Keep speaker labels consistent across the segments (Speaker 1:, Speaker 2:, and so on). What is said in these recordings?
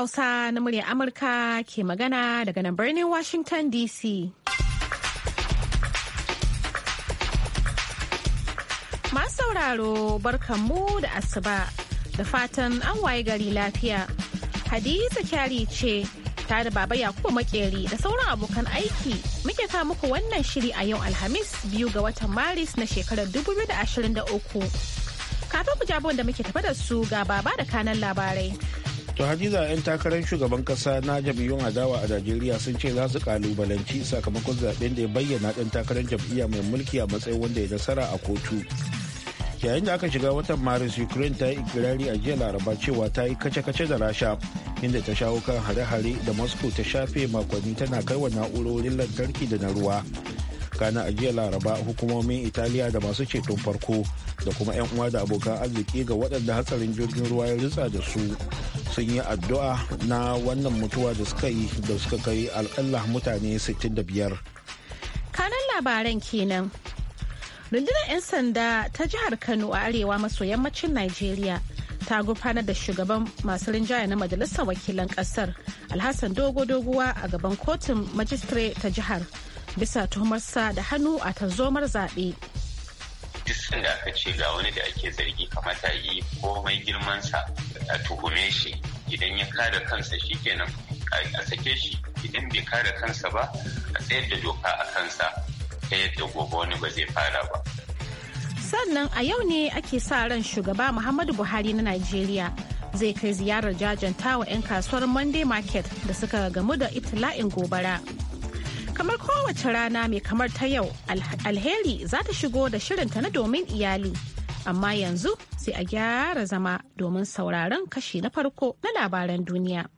Speaker 1: Hausa na murya Amurka ke magana daga nan birnin Washington DC. Masu sauraro barkanmu da asuba da fatan an waye gari lafiya. Hadiza kyari ce ta da Baba Yakubu Makeri da sauran abokan aiki muke ka muku wannan shiri a yau Alhamis biyu ga watan Maris na shekarar 2023. Kafin ku jabo da muke tafa da su ga baba da kanan labarai.
Speaker 2: to hadiza 'yan takarar shugaban kasa na jam'iyyun adawa a najeriya sun ce za su kalubalanci sakamakon zaben da ya bayyana dan takarar jam'iyya mai mulki a matsayin wanda ya nasara a kotu yayin da aka shiga watan maris ukraine ta yi ikirari a jiya laraba cewa ta yi kace-kace da rasha inda ta shawo kan hare-hare da moscow ta shafe makonni tana kai wa na'urorin lantarki da na ruwa kana a jiya laraba hukumomin italiya da masu ceton farko da kuma 'yan uwa da abokan arziki ga waɗanda hatsarin jirgin ruwa ya ritsa da su sun yi addu'a na wannan mutuwa da suka yi da suka kai alƙalla mutane 65
Speaker 1: kanan labaran kenan rundunar 'yan sanda ta jihar kano a arewa maso yammacin nigeria ta gurfanar da shugaban masu rinjaya na majalisar wakilan kasar alhassan dogo doguwa a gaban kotun majistare ta jihar bisa tuhumarsa da hannu a tarzomar zaɓe.
Speaker 3: duk sanda aka ce ga wani da ake zargi ta yi komai girmansa a tuhume shi idan ya kare kansa shi kenan a sake shi idan bai kare kansa ba a tsayar da doka a kansa ta yadda gobe wani ba zai fara ba
Speaker 1: sannan a yau ne ake sa ran shugaba muhammadu buhari na najeriya zai kai ziyarar jajantawa 'yan kasuwar monday market da suka gamu da itila'in gobara kamar kowace rana mai kamar ta yau alheri za ta shigo da shirinta na domin iyali amma yanzu sai a gyara zama domin sauraron kashi na farko na labaran duniya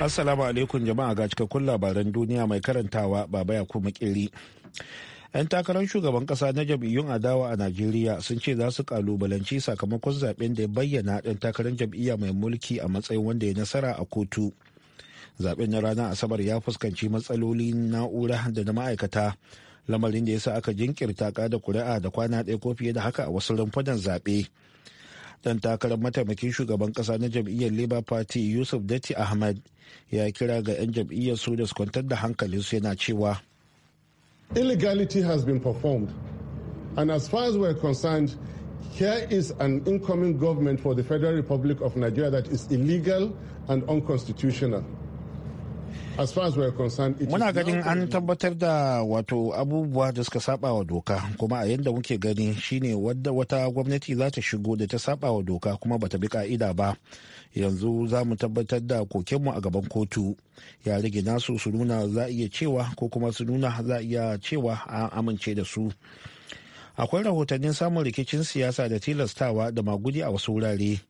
Speaker 2: assalamu alaikum jama'a ga cikakkun labaran duniya mai karantawa baba ya kuma kiri 'yan takarar shugaban kasa na jam'iyyun adawa a najeriya sun ce za su kalubalanci sakamakon zaben da ya bayyana ɗan takarar jam'iyya mai mulki a matsayin wanda ya nasara a kotu zaben na ranar asabar ya fuskanci matsaloli na'ura da na ma'aikata lamarin da ya sa aka jinkirta kada kuri'a da kwana ɗaya ko fiye da haka a wasu rumfunan zaɓe. dan takarar mataimakin shugaban kasa na jam'iyyar labour party yusuf datti ahmad ya kira ga 'yan jam'iyyar su da su kwantar da hankalinsu yana cewa illegality has been performed and as far as we're concerned here is an incoming government for the federal republic of nigeria that is illegal and unconstitutional muna ganin an tabbatar da wato abubuwa da suka saba wa doka kuma a yadda muke gani shine wadda wata gwamnati za ta shigo da ta saba wa doka kuma bata bi ka'ida ba yanzu za mu tabbatar da kokenmu a gaban kotu ya rage nasu su nuna za iya cewa ko kuma su nuna za iya cewa a amince da su akwai rahotannin samun rikicin siyasa da tilastawa da magudi a wasu wurare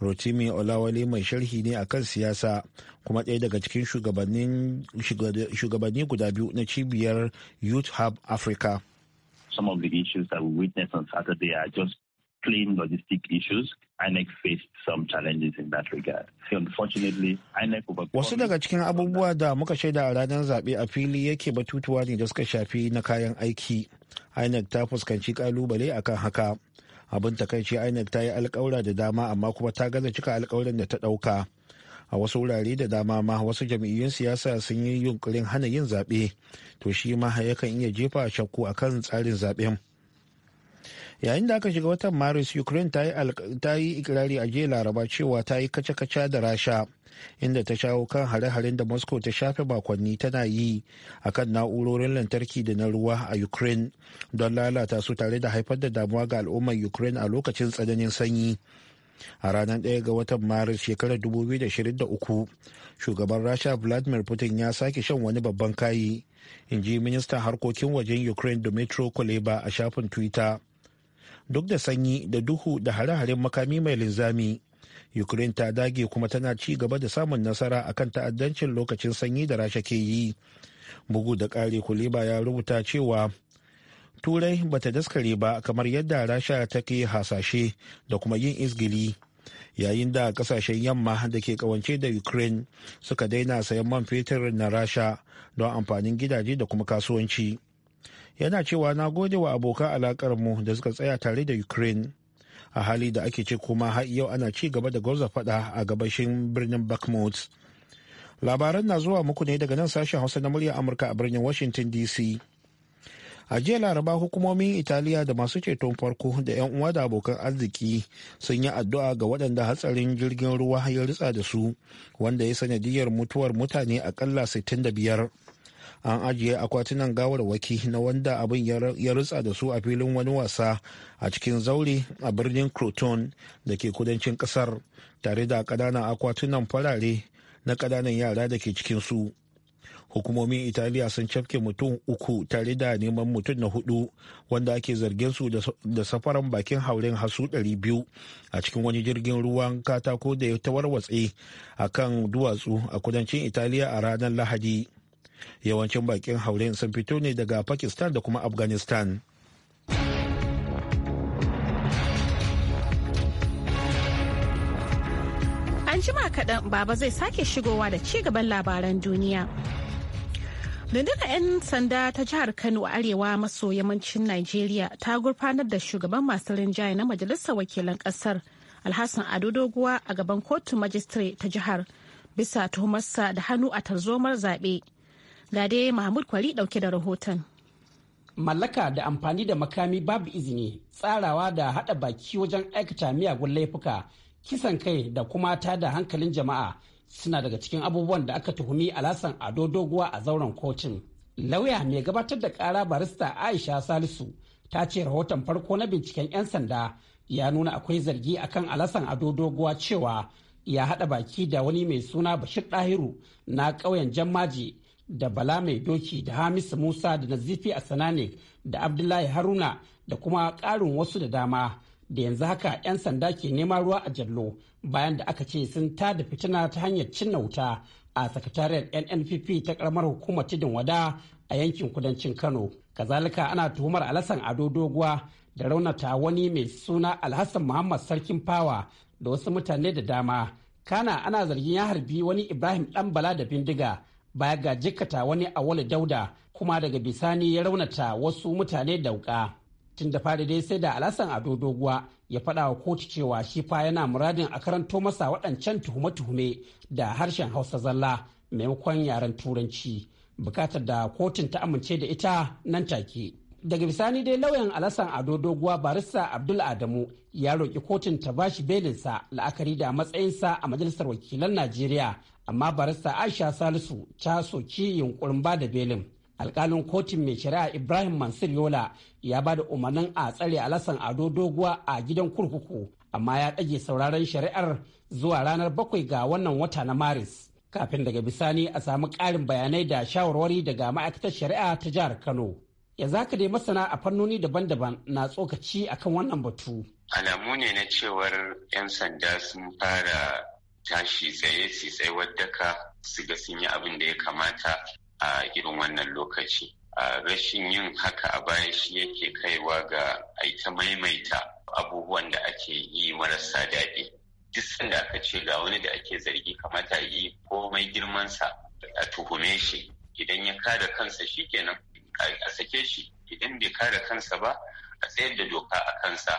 Speaker 2: rotimi olawale mai sharhi ne a kan siyasa kuma ɗaya daga cikin shugabanni guda biyu na cibiyar youth hub africa
Speaker 3: some of the issues that we
Speaker 4: just plain logistic issues, INEC challenges in that regard. Wasu
Speaker 2: daga cikin abubuwa da muka shaida a ranar zaɓe a fili yake batutuwa ne da suka shafi na kayan aiki. INEC ta fuskanci kalubale akan haka. abin takaici inec ta yi alkawura da dama amma kuma ta gaza cika alkawuran da ta ɗauka a wasu wurare da dama ma wasu jam'iyyun siyasa sun yi yunkurin hana yin zaɓe to shi ma yakan iya jefa shakku akan tsarin zaɓen yayin da aka shiga watan maris ukraine ta yi ikirari a jiya laraba cewa ta yi kaca kaca da rasha inda ta shawo kan hare-haren da moscow ta shafe makonni tana yi a kan na'urorin lantarki da na ruwa a ukraine don lalata su tare da haifar da damuwa ga al'ummar ukraine a lokacin tsananin sanyi a ranar 1 ga watan maris shekarar 2023 shugaban rasha vladimir putin ya sake shan wani babban kayi in ji ministan harkokin wajen ukraine dmitry kuleba a shafin twitter duk da sanyi da duhu da hare-haren makami mai linzami ukraine ta dage kuma tana ci gaba da samun nasara a kan ta'addancin lokacin sanyi da rasha ke yi bugu da ƙari kuleba ya rubuta cewa turai bata daskare ba kamar yadda rasha ta ke hasashe da kuma yin izgili yayin da kasashen yamma da ke kawance da ukraine suka daina sayan man fetur na rasha don amfanin gidaje da kuma kasuwanci yana cewa na gode wa abokan alakarmu da suka tsaya tare da ukraine a hali da ake ce kuma har yau ana ci gaba da gwarza fada a gabashin birnin bakhmut labaran na zuwa muku ne daga nan sashen hausa na murya amurka a birnin washington dc a jiya laraba hukumomin italiya da masu ceton farko da 'yan uwa da abokan arziki sun yi addu'a ga waɗanda hatsarin jirgin ruwa ya ritsa da su wanda ya sanadiyar mutuwar mutane akalla 65 an ajiye akwatunan gawar waki na wanda abin ya rutsa da su a filin wani wasa a cikin zaure a birnin croton da ke kudancin kasar tare da ƙananan akwatunan farare na ƙananan yara da ke cikin su hukumomin italiya sun cafke mutum uku tare da neman mutum na hudu wanda ake zargin su da safaran bakin hauren hasu 200 a cikin wani jirgin ruwan katako da ya watsi a kan duwatsu a kudancin italiya a ranar lahadi yawancin bakin haurin sun fito ne daga pakistan da kuma afghanistan
Speaker 1: an jima kaɗan baba zai sake shigowa da ci gaban labaran duniya rundunar 'yan sanda ta jihar kano a arewa maso yammacin najeriya ta gurfanar da shugaban masu rinjaye na majalisar wakilan kasar alhassan ado doguwa a gaban kotun majistare ta jihar bisa tuhumarsa da hannu a tarzomar zaɓe. Ga dai Mahmud Kwari ɗauke
Speaker 5: da rahoton. Mallaka da amfani da makami babu izini, tsarawa da haɗa baki wajen aikata miyagun laifuka, kisan kai da kuma da hankalin jama'a suna daga cikin abubuwan da aka tuhumi alasan ado doguwa a zauren kocin. Lauya mai gabatar da ƙara barista Aisha Salisu ta ce rahoton farko na binciken 'yan sanda ya nuna akwai zargi akan alasan ado doguwa cewa ya haɗa baki da wani mai suna bashir ɗahiru na ƙauyen jammaji da bala mai doki da hamisu musa da nazifi asanani da abdullahi haruna da kuma ƙarin wasu da dama da yanzu haka 'yan sanda ke neman ruwa a jallo bayan da aka ce sun ta da fitina ta hanyar cinna wuta a sakatariyar nnpp ta karamar hukumar tudun wada a yankin kudancin kano kazalika ana tuhumar alasan ado doguwa da raunata wani mai suna alhassan muhammad sarkin fawa da wasu mutane da dama kana ana zargin ya harbi wani ibrahim dan bala da bindiga baya ga jikata wani awali dauda kuma daga bisani ya raunata wasu mutane da tun da fari dai sai da alasan ado doguwa ya faɗawa wa kotu cewa shi fa yana muradin a karanto masa waɗancan tuhume-tuhume da harshen hausa zalla maimakon yaren turanci bukatar da kotun ta amince da ita nan take daga bisani dai lauyan alasan ado doguwa barista abdul adamu ya roƙi kotun ta bashi belinsa la'akari da matsayinsa a majalisar wakilan najeriya amma barista aisha salisu ta soki yunkurin ba da belin alkalin kotun mai shari'a ibrahim mansur yola ya ba da umarnin a tsare alasan ado doguwa a gidan kurkuku amma ya ɗage sauraron shari'ar zuwa ranar bakwai ga wannan wata na maris kafin daga bisani a samu ƙarin bayanai da shawarwari daga ma'aikatar shari'a ta jihar kano ya zaka dai masana a fannoni daban-daban na tsokaci akan wannan batu. Alamu ne na cewar 'yan sanda sun fara tashi tsaye
Speaker 3: su wadda daka su ga sun yi abin da ya kamata a irin wannan lokaci. Rashin yin haka a baya shi yake kaiwa ga aita maimaita abubuwan da ake yi marasa daɗi. Duk sanda aka ce ga wani da ake zargi kamata yi komai girmansa a tuhume shi idan ya kada kansa shi shikenan a sake shi idan bai kare kansa ba a tsayar da doka a kansa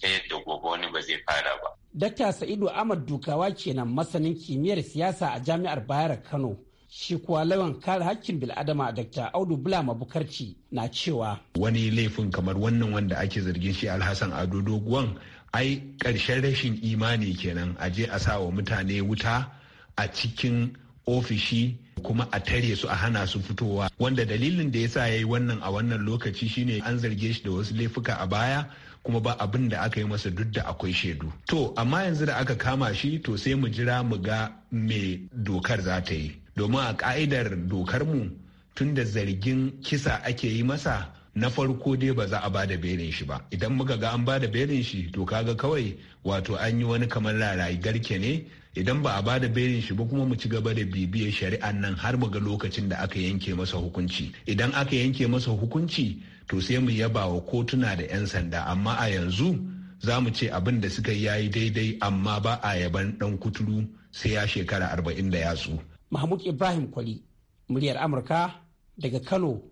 Speaker 3: ta
Speaker 4: yadda gobe wani ba zai fara
Speaker 5: ba. Dakta Sa'idu Ahmad Dukawa kenan masanin kimiyyar siyasa a Jami'ar Bayar Kano. Shi kuwa lawan kare hakkin bil'adama Dr. Audu Bula Bukarci na cewa.
Speaker 4: Wani laifin kamar wannan wanda ake zargin shi Alhassan Ado Doguwan ai ƙarshen rashin imani kenan a je a sa wa mutane wuta a cikin ofishi kuma a tare su a hana su fitowa wanda dalilin da yasa ya yi wannan a wannan lokaci shine an zarge shi da wasu laifuka a baya kuma ba abin da aka yi masa duk da akwai shaidu to amma yanzu da aka kama shi to sai mu jira mu ga me dokar za ta yi domin a ka'idar dokar mu tun da zargin kisa ake yi masa na farko dai ba za a ba da berin shi ba idan muka ga an ba da berin shi to kaga kawai wato an yi wani kamar rarayi garke ne idan ba a ba da berin shi ba kuma mu ci gaba da bibiyar shari'an nan har mu ga lokacin da aka yanke masa hukunci idan aka yanke masa hukunci to sai mu yaba wa kotuna da 'yan sanda amma a yanzu za mu ce abin da suka yayi daidai amma ba a yaban dan kuturu sai ya shekara arba'in da yatsu.
Speaker 5: mahmud ibrahim kwali muryar amurka daga kano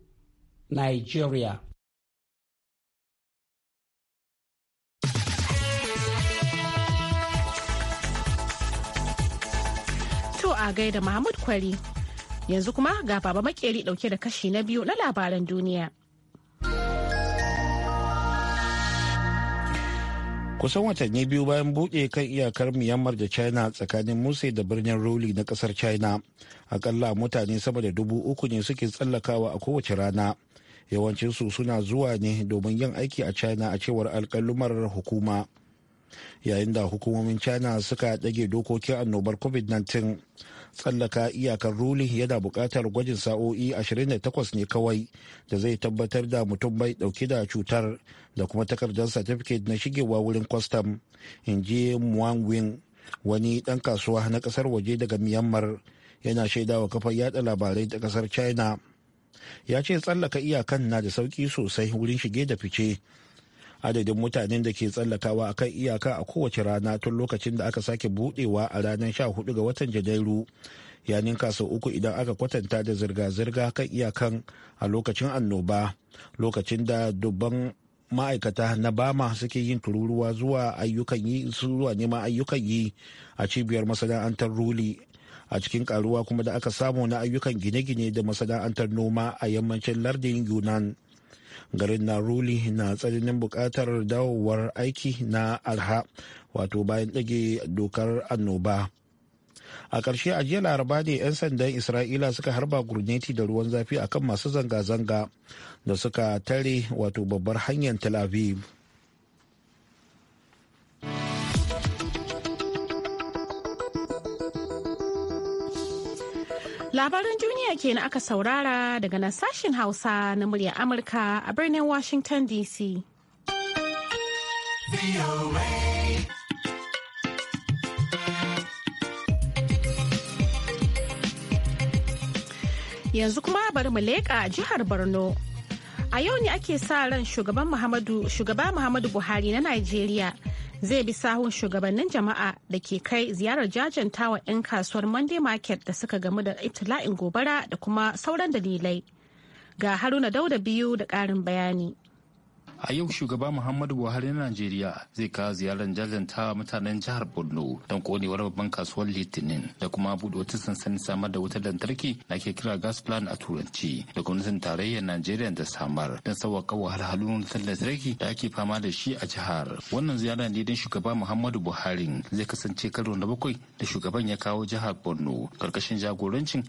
Speaker 5: nigeria
Speaker 1: a gaida Mahmud Kwari. Yanzu kuma ga baba makeri dauke da kashi na biyu na labaran duniya.
Speaker 2: Kusan watanni biyu bayan buɗe kan iyakar Myanmar da China tsakanin musa da birnin Roli na ƙasar China, akalla mutane sama da dubu uku ne suke tsallakawa a kowace rana. Yawancinsu suna zuwa ne domin yin aiki a China a cewar alkalumar hukuma. yayin da hukumomin china suka ɗage dokokin annobar covid-19 tsallaka iyakar ruli yana buƙatar gwajin sa'o'i 28 ne kawai da zai tabbatar da mutum bai ɗauki da cutar da kuma takardar certificate na shigewa wurin kwastam in ji muangwin wani ɗan kasuwa na ƙasar waje daga myanmar yana shaidawa kafar yada labarai ta ƙasar china ya ce tsallaka iyakan na da sauƙi sosai wurin shige da fice adadin mutanen da ke tsallakawa akan iyaka a kowace rana tun lokacin da aka sake budewa a ranar 14 ga watan janairu ya ninka sau uku idan aka kwatanta da zirga-zirga kan iyakan a lokacin annoba lokacin da dubban ma'aikata na bama suke yin tururuwa zuwa ayyukan yi zuwa neman ayyukan yi a cibiyar masana'antar ruli a cikin karuwa kuma da aka samu na ayyukan gine-gine da masana'antar noma a yammacin lardin yunan garin naroli na tsananin buƙatar dawowar aiki na arha wato bayan ɗage dokar annoba a ƙarshe a jiya laraba ne 'yan sandan isra'ila suka harba gurneti da ruwan zafi akan masu zanga-zanga da suka tare wato babbar hanyar tel aviv
Speaker 1: Labaran duniya kenan aka saurara daga nan sashen Hausa na muryar Amurka a birnin Washington DC. Yanzu kuma bari mu leƙa jihar Borno. A yau ne ake sa ran shugaba Muhammadu Buhari na Najeriya zai bi sahun shugabannin jama'a da ke kai ziyarar jajantawa 'yan kasuwar monday market da suka gamu da itila'in gobara da kuma sauran dalilai ga haruna dauda biyu da ƙarin bayani
Speaker 3: a yau shugaba muhammadu buhari na najeriya zai kawo ziyarar jajanta mutanen jihar borno don konewar babban kasuwar litinin da kuma Bude wata sansanin samar da wutar lantarki da ake kira gas plan a turanci da gwamnatin tarayyar najeriya da samar don sauwaƙa wahalhalun wutar lantarki da ake fama da shi a jihar wannan ziyara ne don shugaba muhammadu buhari zai kasance karo na bakwai da shugaban ya kawo jihar borno karkashin jagorancin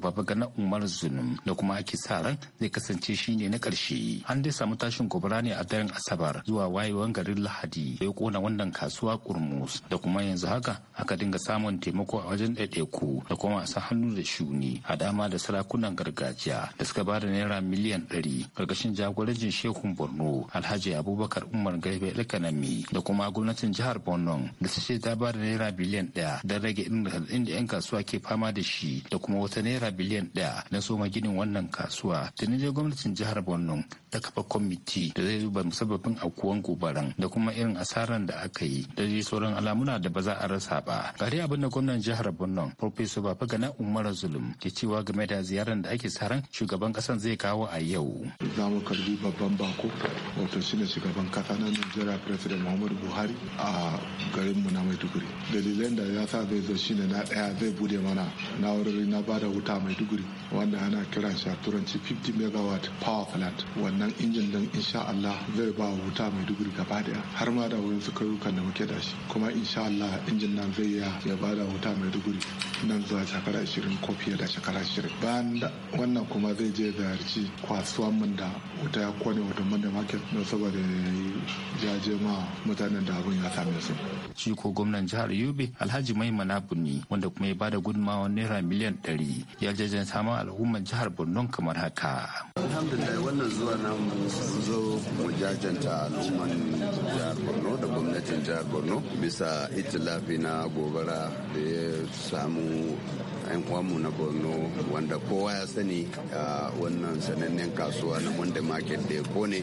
Speaker 3: Baba Gana umar zunum da kuma ake sa ran zai kasance shi ne na ƙarshe an dai samu tashin gobara ne a daren asabar zuwa wayewan garin lahadi ya kona wannan kasuwa kurmus da kuma yanzu haka aka dinga samun taimako a wajen ɗaiɗaiku da kuma a hannu da shuni a dama da sarakunan gargajiya da suka ba da naira miliyan ɗari karkashin jagorancin shehun borno alhaji abubakar umar garbe alkanami da kuma gwamnatin jihar borno da su ce ta bada naira biliyan ɗaya don rage irin da 'yan kasuwa ke fama da shi da kuma wata naira biliyan ɗaya na soma ginin wannan kasuwa da ne gwamnatin jihar borno ta kafa kwamiti da zai zuba musabbabin akuwan gobaran da kuma irin asaran da aka yi da zai sauran alamuna da ba za a rasa ba gari abin da gwamnan jihar Borno Professor gana Umar Zulum ke cewa game da ziyarar da ake saran shugaban kasan zai kawo a yau za karbi babban bako wato shine shugaban kasa na Najeriya President
Speaker 6: Muhammadu Buhari a garin mu na Maiduguri dalilan da ya sa zai zo shine na daya zai bude mana na wurin na bada wuta Maiduguri wanda ana kiran shi a turanci 50 megawatt power plant wannan injin din insha Allah Allah zai ba wuta mai duguri gaba daya har ma da wurin su kayukan da muke da shi kuma insha Allah injin nan zai ya ya ba da wuta mai duguri nan zuwa shekara 20 ko fiye da shekara 20 bayan wannan kuma zai je ziyarci
Speaker 3: kwasuwan mun da wuta ya kone wata mun da market don saboda jaje ma mutanen da abun ya same su shi ko gwamnan jihar Yobe Alhaji Maimuna Bunni wanda kuma ya bada gudunmawar naira miliyan 100 ya jajanta ma al'ummar jihar Borno kamar haka
Speaker 4: alhamdulillah wannan zuwa namu zo mu jajanta al'umman jihar borno da gwamnatin jihar borno bisa itilafi na gobara da ya samu 'yan uwanmu na borno wanda kowa ya sani wannan sanannen kasuwa na monday market da ko ne,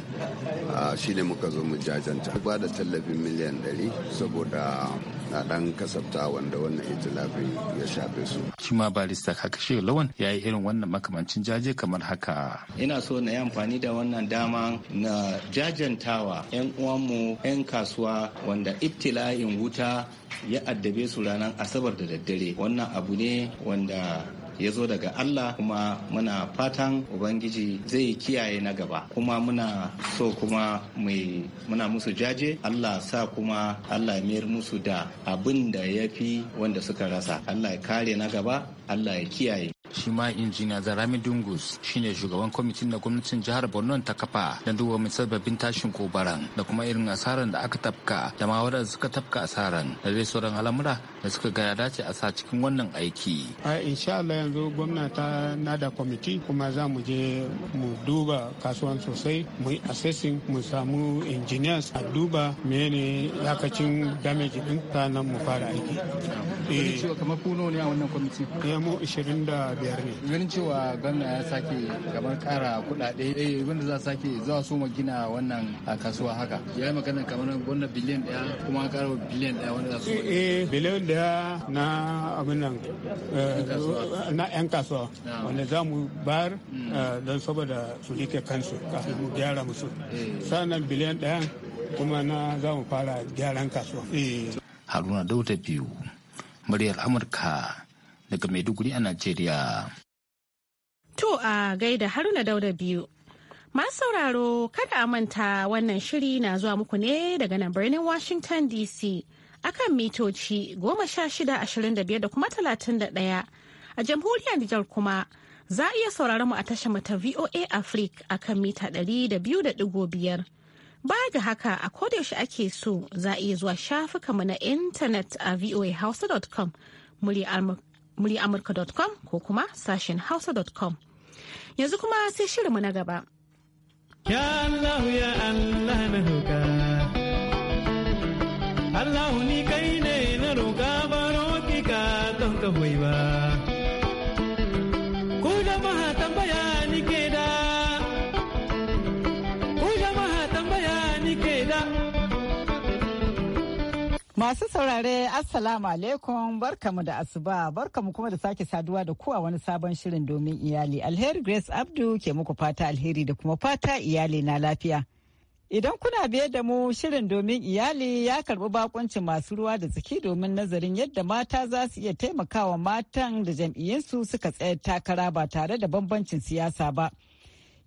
Speaker 4: shi ne muka zo mu jajanta ba da tallafin miliyan 100 saboda na dan kasafta wanda wannan itilafin ya shafe su
Speaker 3: shi ma barista kaka shi lawan ya yi irin wannan makamancin jaje kamar haka ina so na yi amfani da wannan dama na jajantawa 'yan uwanmu 'yan kasuwa wanda itilayin wuta ya addabe su ranar asabar da daddare wannan abu ne wanda ya zo daga Allah kuma muna fatan Ubangiji zai kiyaye na gaba kuma muna so kuma mai muna musu jaje Allah sa kuma Allah mayar musu da abin da ya fi wanda suka rasa Allah ya kare na gaba Allah ya kiyaye. Shi ma injiniya Zarami Dungus shine shugaban kwamitin da gwamnatin jihar Borno ta kafa don duba musabbabin tashin kobaran da kuma irin asaran da aka tafka da ma wadanda suka tafka asaran da zai sauran al'amura da suka ga ya dace a sa cikin wannan aiki.
Speaker 2: A insha Allah yanzu gwamnata na da kwamiti kuma za mu je mu duba kasuwan sosai mu yi assessing mu samu engineers a duba mene yakacin damage din sannan mu fara aiki.
Speaker 3: Kamar kuno ne a wannan kwamiti. Eh, mu 25 ne ganin cewa gwamna ya sake kamar kara kudade eh, wanda za sake zuwa su gina wannan ah, kasuwa haka ya yi magana kamar gwamna biliyan daya kuma kara biliyan daya wanda za su
Speaker 2: eh biliyan daya na abin nan
Speaker 3: eh, na
Speaker 2: yan kasuwa wanda za mu bayar hmm. eh, don saboda su rike kansu kafin mu gyara musu sannan biliyan daya kuma na za mu fara
Speaker 3: gyaran kasuwa haruna dauda biyu muryar amurka daga Maiduguri a Najeriya.
Speaker 1: To a gaida Haruna Dauda biyu. Masu sauraro kada a manta wannan shiri na zuwa muku ne daga nan birnin Washington DC akan mitoci goma sha shida ashirin da biyar da kuma talatin da ɗaya. A jamhuriyar Nijar kuma za a iya sauraron mu a tashar mata VOA Africa akan mita ɗari da biyu da ɗigo biyar. Baya ga haka a kodayaushe ake so za a iya zuwa shafukanmu na intanet a voahausa.com murya muryaamurka.com ko kuma sashen hausa.com. Yanzu kuma sai shirinmu na gaba.
Speaker 4: Ya Allah ya Allah na roƙa. Allah ni kai ne na roƙa baro ki ka don ka ba.
Speaker 7: Masu saurare Assalamu alaikum barkamu da asuba barkamu kuma da sake saduwa da kuwa wani sabon shirin domin iyali. Alheri Grace Abdu ke muku fata alheri da kuma fata iyali na lafiya. Idan kuna biye da mu shirin domin iyali ya karbi bakuncin masu ruwa da tsaki domin nazarin yadda mata za su iya taimakawa matan da jam'iyyinsu suka tsaye takara ba tare da bambancin siyasa ba.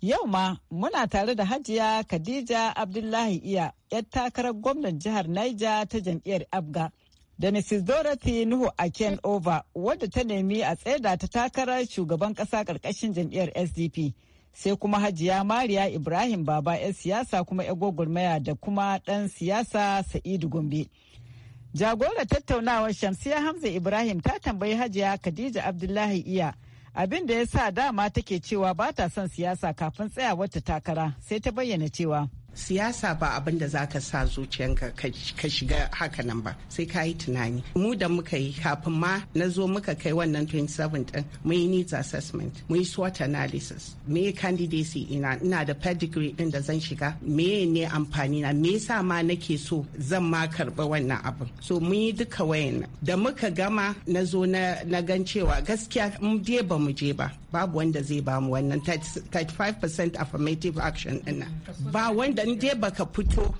Speaker 7: Yau ma muna tare da Hajiya Khadija Abdullahi Iya, 'yar takarar gwamnan jihar Niger ta jam'iyyar Abga. Da Mrs. Dorothy Nuhu Aken Over, wadda ta nemi a tsaida ta takarar shugaban ƙasa ƙarƙashin jam'iyyar SDP. Sai kuma Hajiya Mariya Ibrahim Baba 'yar siyasa kuma 'yar gwagwarmaya da kuma ɗan siyasa Sa'idu Gombe. Jagorar tattaunawar Shamsiya Hamza Ibrahim ta tambayi Hajiya Khadija Abdullahi Iya. abin da ya sa dama take cewa ba ta son siyasa kafin tsaya wata takara sai ta bayyana cewa siyasa ba abin da zaka sa zuciyanka
Speaker 8: ka shiga haka nan ba sai ka yi tunani mu da muka yi kafin ma na zo muka kai wannan 27 din mu yi needs assessment mu yi SWOT analysis me candidacy ina ina da pedigree din da zan shiga me ne amfani na me yasa ma nake so zan ma karba wannan abin so mun yi duka wayan da muka gama na zo na gan cewa gaskiya mu je ba mu je ba babu wanda zai ba mu wannan 35% affirmative action ina ba wanda in baka fito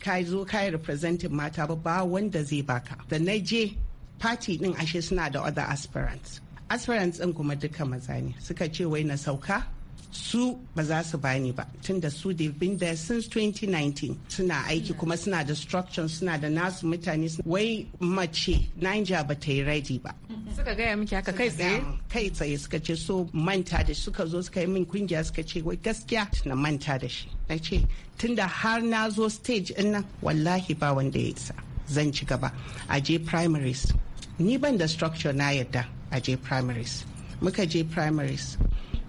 Speaker 8: ka zo ka yi representing mata ba ba wanda zai baka da na je party din ashe suna da other aspirants aspirants din kuma duka maza ne suka ce wai na sauka su ba za su bani ba tun da su da been there since 2019 suna aiki kuma suna da structure suna da nasu mutane wai mace Niger ba ta yi ready ba suka gaya miki haka kai tsaye kai tsaye suka ce so manta da suka zo suka yi min kungiya suka ce wai gaskiya na manta da shi na ce tunda har na zo stage in na wallahi ba wanda ya isa zan ci gaba a je primaries ni ban da structure na yadda a je primaries muka je primaries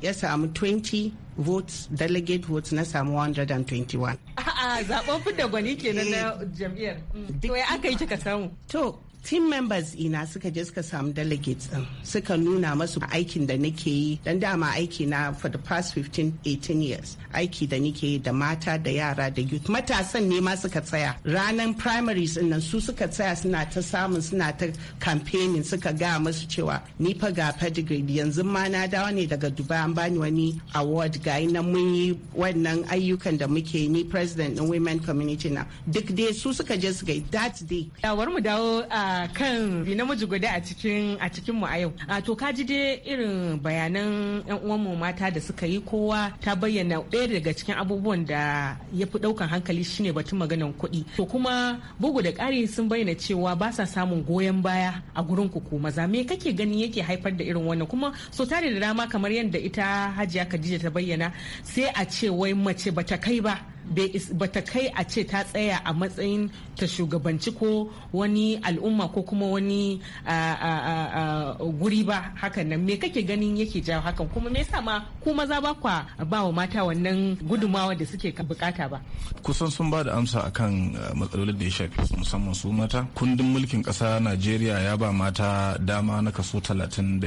Speaker 8: ya samu 20 votes delegate votes na samu 121 a'a zaben fidda gwani kenan na eh,
Speaker 9: jam'iyyar mm.
Speaker 8: to ya aka yi kika samu to team members ina suka je suka samu delegates din suka nuna masu aikin da nake yi dan dama aiki na for the past 15 18 years aiki da nake yi da mata da yara da youth matasan ne ma suka tsaya ranan primaries din nan su suka tsaya suna ta samun suna ta campaigning suka ga masu cewa ni fa ga pedigree yanzu ma na dawo ne daga Dubai an bani wani award ga na mun yi wannan ayyukan da muke ni president din women community na duk dai su suka je suka yi that day
Speaker 9: mu dawo a ah, kan namiji guda a cikin a cikin mu a yau. A to ka ji dai irin bayanan yan uwan mu mata da suka yi kowa ta bayyana ɗaya daga cikin abubuwan da ya fi ɗaukan hankali shine batun maganan kuɗi. To kuma bugu da ƙari sun bayyana cewa ba sa samun goyon baya a gurin ku ko maza me kake gani yake haifar da irin wannan kuma so tare da dama kamar yadda ita Hajiya Khadija ta bayyana sai a ce wai mace bata kai ba bata kai a ce ta tsaya a matsayin ta shugabanci ko wani al'umma ko kuma wani guri ba hakan nan me kake ganin yake jawo hakan kuma me yasa ma ku maza ba kwa ba wa mata wannan gudumawa da suke bukata ba
Speaker 6: kusan sun ba da amsa akan eh, matsalolin da ya shafi musamman su mata kundin mulkin kasa Najeriya ya ba mata dama na kaso 35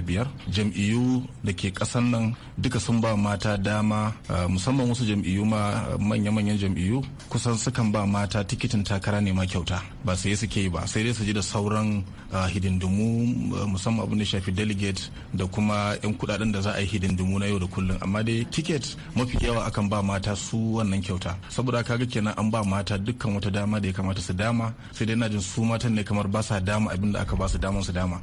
Speaker 6: jam'iyyu da ke kasan nan duka sun ba mata dama eh, musamman wasu jam'iyyu ma eh, manya-manya manyan jam'iyyu kusan sukan ba mata tikitin takara ne ma kyauta ba sai suke yi ba sai dai su ji da sauran ah, hidindimu ah, musamman abin da shafi delegate da kuma 'yan kudaden da za a yi hidindimu na yau da kullum amma dai tiket mafi yawa akan ba mata su wannan kyauta saboda kaga kenan an ba mata dukkan wata dama da ya kamata su dama sai dai na jin su matan ne kamar ba sa dama abin da aka ba su daman su dama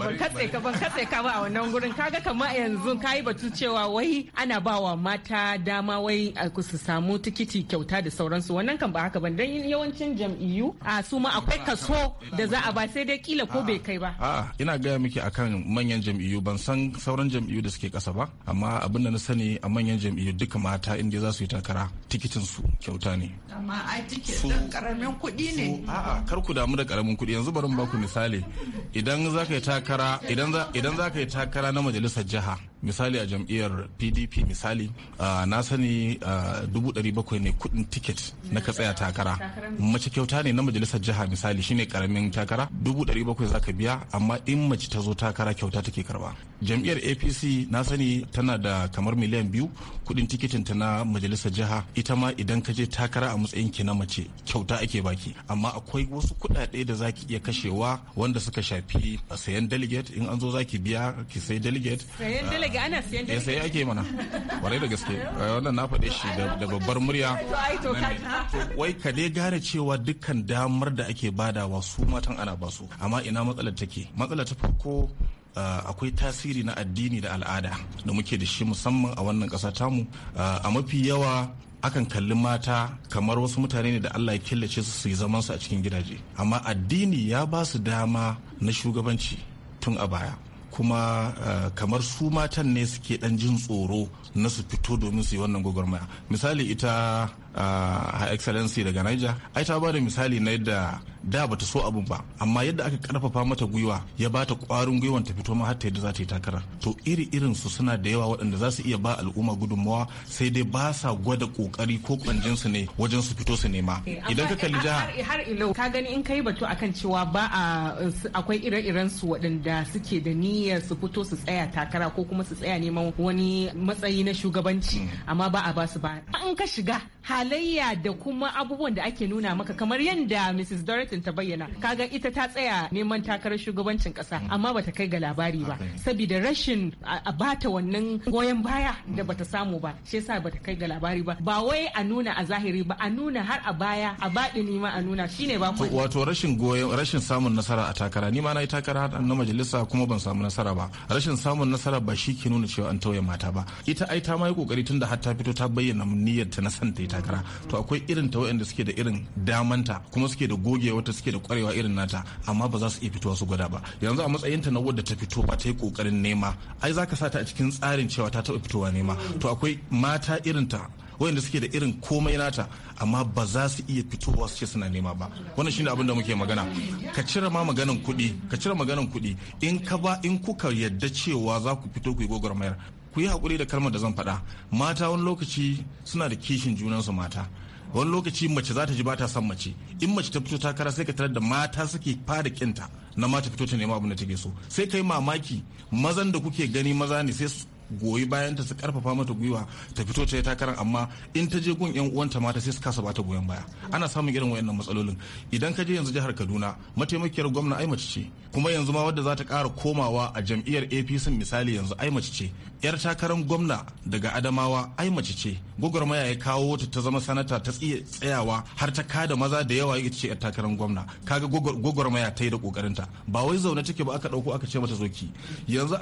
Speaker 9: ban katse ka ban katse ka ba a wannan gurin kaga kamar yanzu kayi batu cewa wai ana ba wa mata dama wai su samu tikiti aiki kyauta da sauransu wannan kan ba haka ba dan yawancin jam'iyyu a su ma akwai kaso da za a ba sai dai kila ko bai kai ba
Speaker 6: a ina gaya miki akan manyan jam'iyyu ban san sauran jam'iyyu da suke kasa ba amma abin da na sani a manyan jam'iyyu duka mata inda za su yi takara tikitin su kyauta ne
Speaker 7: amma ai tikitin karamin kuɗi ne a'a
Speaker 6: kar ku damu da karamin kuɗi yanzu bari mu ba misali idan za ka yi takara idan za ka yi takara na majalisar jiha misali a jam'iyyar pdp misali na sani dubu ne kuɗin tiket na ka tsaya takara mace kyauta ne na majalisar jiha misali shine karamin takara dubu za ka biya amma in mace ta zo takara kyauta take karba jam'iyyar apc na sani tana da kamar miliyan biyu kuɗin tiketin ta na majalisar jiha ita ma idan ka je takara a matsayin ki na mace kyauta ake baki amma akwai wasu kuɗaɗe da zaki iya kashewa wanda suka shafi sayan delegate in an zo zaki biya ki sai delegate rage
Speaker 9: ana siyan eh, sai ake mana kwarai da gaske eh,
Speaker 6: wannan na faɗe shi da babbar murya wai ka dai gane cewa dukkan damar da ake badawa su matan ana basu amma ina matsalar take matsalar ta farko eh, akwai tasiri na addini da al'ada da muke da shi musamman a wannan ƙasa tamu a mafi yawa akan kalli mata kamar wasu mutane ne da Allah ya killace su su yi zamansu a cikin gidaje amma addini ya ba su dama na shugabanci tun a baya kuma eh, kamar su matan ne suke dan jin tsoro na su fito domin su yi wannan gwagwarmaya misali ita her excellency daga niger ai ta ba misali na yadda da bata so abun ba amma yadda aka karfafa mata gwiwa ya bata kwarin gwiwan ta fito ma har ta yadda za ta yi takara to iri irin su suna da yawa waɗanda za su iya ba al'umma gudunmawa sai dai ba sa gwada kokari ko kwanjin su ne wajen su fito su nema idan ka kalli jiha
Speaker 9: har ilo ka gani in kai batu akan cewa ba a akwai ire-iren su waɗanda suke da niyyar su fito su tsaya takara ko kuma su tsaya neman wani matsayi na shugabanci mm. amma ba a ba su ba in ka shiga halayya da kuma abubuwan da ake nuna maka kamar yadda Mrs. Dorothy ta bayyana kaga ita ta tsaya neman takarar shugabancin kasa amma bata kai ga labari ba saboda rashin a bata wannan goyon baya da bata samu ba shi yasa bata kai ga labari ba ba wai a nuna a zahiri ba a nuna har a baya a ni ma a nuna shine ba
Speaker 6: wato rashin goyon rashin samun nasara a takara ni ma na yi takara na majalisa kuma ban samu nasara ba rashin samun nasara ba shi ke nuna cewa an tauye mata ba ita ai ta ma yi kokari tunda har ta fito ta bayyana niyyar ta na san ta takara to akwai irin ta waɗanda suke da irin damanta kuma suke da goge wata suke da kwarewa irin nata amma ba za su iya fitowa su gwada ba yanzu a matsayin ta na wadda ta fito ba ta yi kokarin nema ai zaka sa ta a cikin tsarin cewa ta taba fitowa nema to akwai mata irin ta wayanda suke da irin komai nata amma ba za su iya fitowa su ce suna nema ba wannan shine abin da muke magana ka cire ma maganan kuɗi ka cire maganan kuɗi in ka ba in kuka yadda cewa za ku fito ku yi mayar. ku yi hakuri da kalmar da zan faɗa mata wani lokaci suna da kishin junan su mata wani lokaci mace za ta ji ba ta son mace in mace ta fito takara sai ka tarar da mata suke fada kinta na mata fito ta nema abin da ta ke so sai kai mamaki mazan da kuke gani maza ne sai goyi bayan ta su karfafa mata gwiwa ta fito ta yi takarar amma in ta je gun yan uwanta mata sai su kasa bata goyon baya ana samun irin wayannan matsalolin idan ka je yanzu jihar Kaduna mataimakiyar gwamna aimace ce kuma yanzu ma wadda za ta ƙara komawa a jam'iyyar APC misali yanzu ai mace ce yar takarar gwamna daga adamawa ai mace ce gwagwarmaya ya kawo ta ta zama sanata ta tsayawa har ta kada maza da yawa ita ce yar takarar gwamna kaga gwagwarmaya ta yi da kokarinta ba wai zaune take ba aka dauko aka ce mata zoki yanzu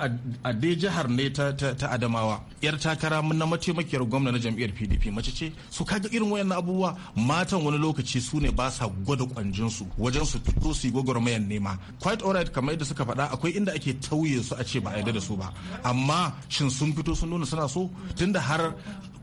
Speaker 6: a dai jihar ne ta, adamawa yar takara mun na mataimakiyar gwamna na jam'iyyar pdp mace ce su kaga irin wayannan abubuwa matan wani lokaci su ne ba sa gwada kwanjinsu wajen su fito su yi gwagwarmayan nema quite alright kamar yadda suka faɗa akwai inda ake tauye su a ce ba a yarda da su ba amma shin sun fito sun nuna suna so tunda har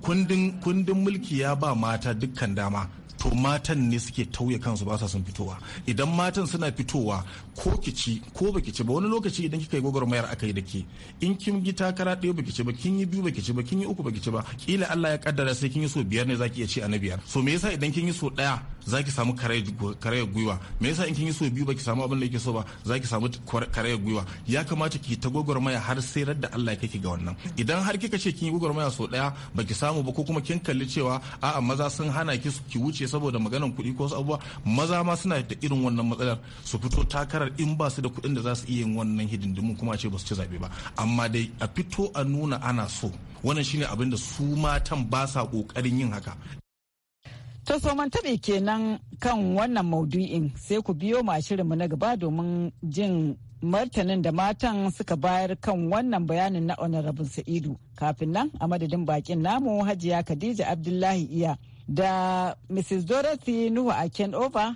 Speaker 6: kundin mulki ya ba mata dukkan dama to matan ne suke tauye kansu ba sa son fitowa idan matan suna fitowa ko kici ko baki ci ba wani lokaci idan kika yi gwagwarmayar aka yi da ke in kin gi takara ɗaya baki ci ba kin yi biyu baki ci ba kin yi uku baki ci ba kila Allah ya kaddara sai kin yi so biyar ne zaki iya ci a na biyar so me yasa idan kin yi so ɗaya zaki samu karayar gwiwa me yasa in kin yi so biyu baki samu abin da yake so ba zaki samu karayar gwiwa ya kamata ki ta gwagwarmaya har sai da Allah ya kai ki ga wannan idan har kika ce kin yi gwagwarmaya so ɗaya baki samu ba ko kuma kin kalli cewa a'a maza sun hana ki ki wuce saboda maganan kuɗi ko wasu abubuwa maza ma suna da irin wannan matsalar su fito takarar in ba su da kuɗin da za su iya yin wannan hidindimun kuma ce ba su ci zaɓe ba amma dai a fito a nuna ana so wannan shine abin da su matan ba sa ƙoƙarin yin haka
Speaker 7: To somantaɓe kenan kan wannan maudu'in sai ku biyo ma mu na gaba domin jin martanin da matan suka bayar kan wannan bayanin na honorable sa'idu kafin nan a madadin bakin namu hajiya khadija abdullahi iya da Mrs. Dorothy Nuhu a Kenova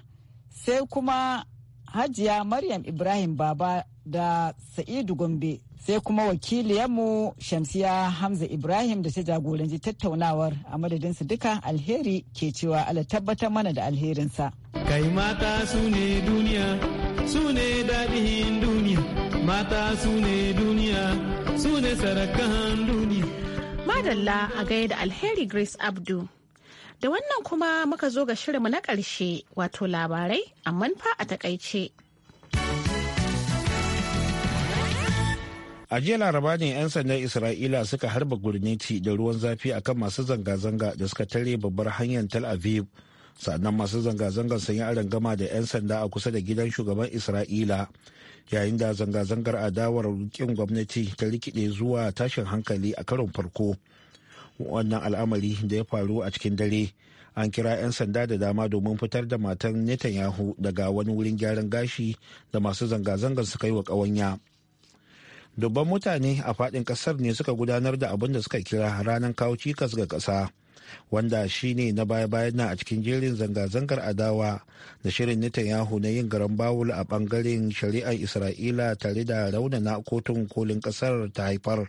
Speaker 7: sai kuma Hajiya Maryam Ibrahim Baba da Sa'idu Gombe sai kuma wakiliyarmu Shamsiya Hamza Ibrahim da ta jagoranci tattaunawar a madadinsu duka alheri ke cewa ala tabbatar mana da alherinsa.
Speaker 3: Kai mata su ne duniya, su ne daɗin duniya, mata su ne duniya, su ne sarakan duniya.
Speaker 1: Madalla a gaida alheri Grace Abdu. Da wannan kuma muka zo ga shirinmu na ƙarshe wato labarai amma fa a takaice.
Speaker 2: A jiya laraba ne 'yan sandan Isra'ila suka harba gurneti da ruwan zafi akan masu zanga-zanga da suka tare babbar hanyar Tel Aviv. Sannan masu zanga-zangar sun yi arangama da 'yan sanda a kusa da gidan shugaban Isra'ila yayin da zanga-zangar adawar rukin gwamnati ta rikide zuwa tashin hankali a karon farko. wannan al'amari da ya faru a cikin dare an kira 'yan sanda da dama domin fitar da matan netanyahu daga wani wurin gyaran gashi da masu zanga-zangar suka yi wa ƙawanya dubban mutane a faɗin ƙasar ne suka gudanar da abin da suka kira ranar kawo cikas ga ƙasa wanda shi ne na baya-bayan nan a cikin jerin zanga-zangar adawa da shirin Netanyahu na yin garan bawul a bangaren shari'ar Isra'ila tare da raunana kotun kolin ƙasar ta haifar.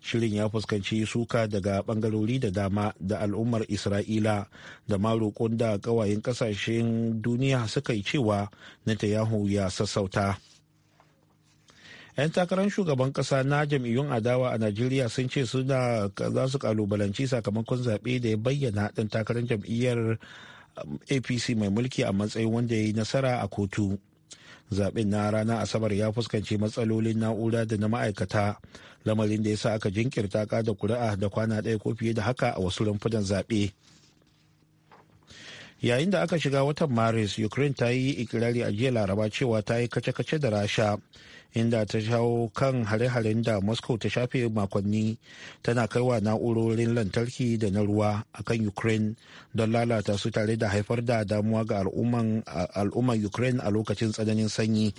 Speaker 2: shirin ya fuskanci suka daga bangarori da dama da al'ummar isra'ila da ma roƙon da ƙawayen ƙasashen duniya suka yi cewa netanyahu ya sassauta 'yan takarar shugaban ƙasa na jam'iyyun adawa a najeriya sun ce suna za su kalubalanci sakamakon zaɓe da ya bayyana ɗan takarar jam'iyyar um, apc mai mulki a matsayin wanda ya yi nasara a kotu zaɓen na ranar asabar ya fuskanci matsalolin na'ura da na ma'aikata lamarin da ya sa aka jinkirta ƙada kuri'a da kwana ɗaya ko fiye da haka a wasu rumfunan zaɓe yayin da aka shiga watan maris ukraine ta yi ikirari a jiya laraba cewa ta yi kace-kace da rasha inda ta shawo kan hare-haren da moscow ta shafe makonni tana kaiwa na'urorin lantarki da na ruwa a kan ukraine don lalata su tare da haifar da damuwa ga al'ummar ukraine a lokacin tsananin sanyi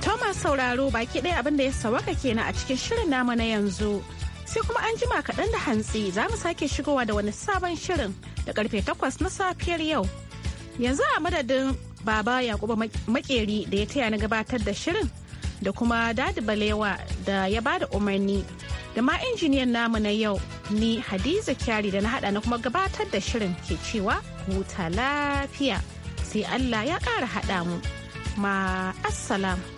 Speaker 1: thomas sauraro baki ɗaya abinda ya sawaka kenan a cikin shirin namu na yanzu sai kuma an jima kaɗan da hantsi za mu sake shigowa da wani sabon shirin da karfe 8 na safiyar yau yanzu a madadin baba yakubu makeri da ya taya na gabatar da shirin da kuma dadi balewa da ya bada umarni da ma injiniyan namu na yau ni hadiza kyari da na hada na kuma gabatar da shirin ke cewa huta lafiya sai allah ya kara hada mu ma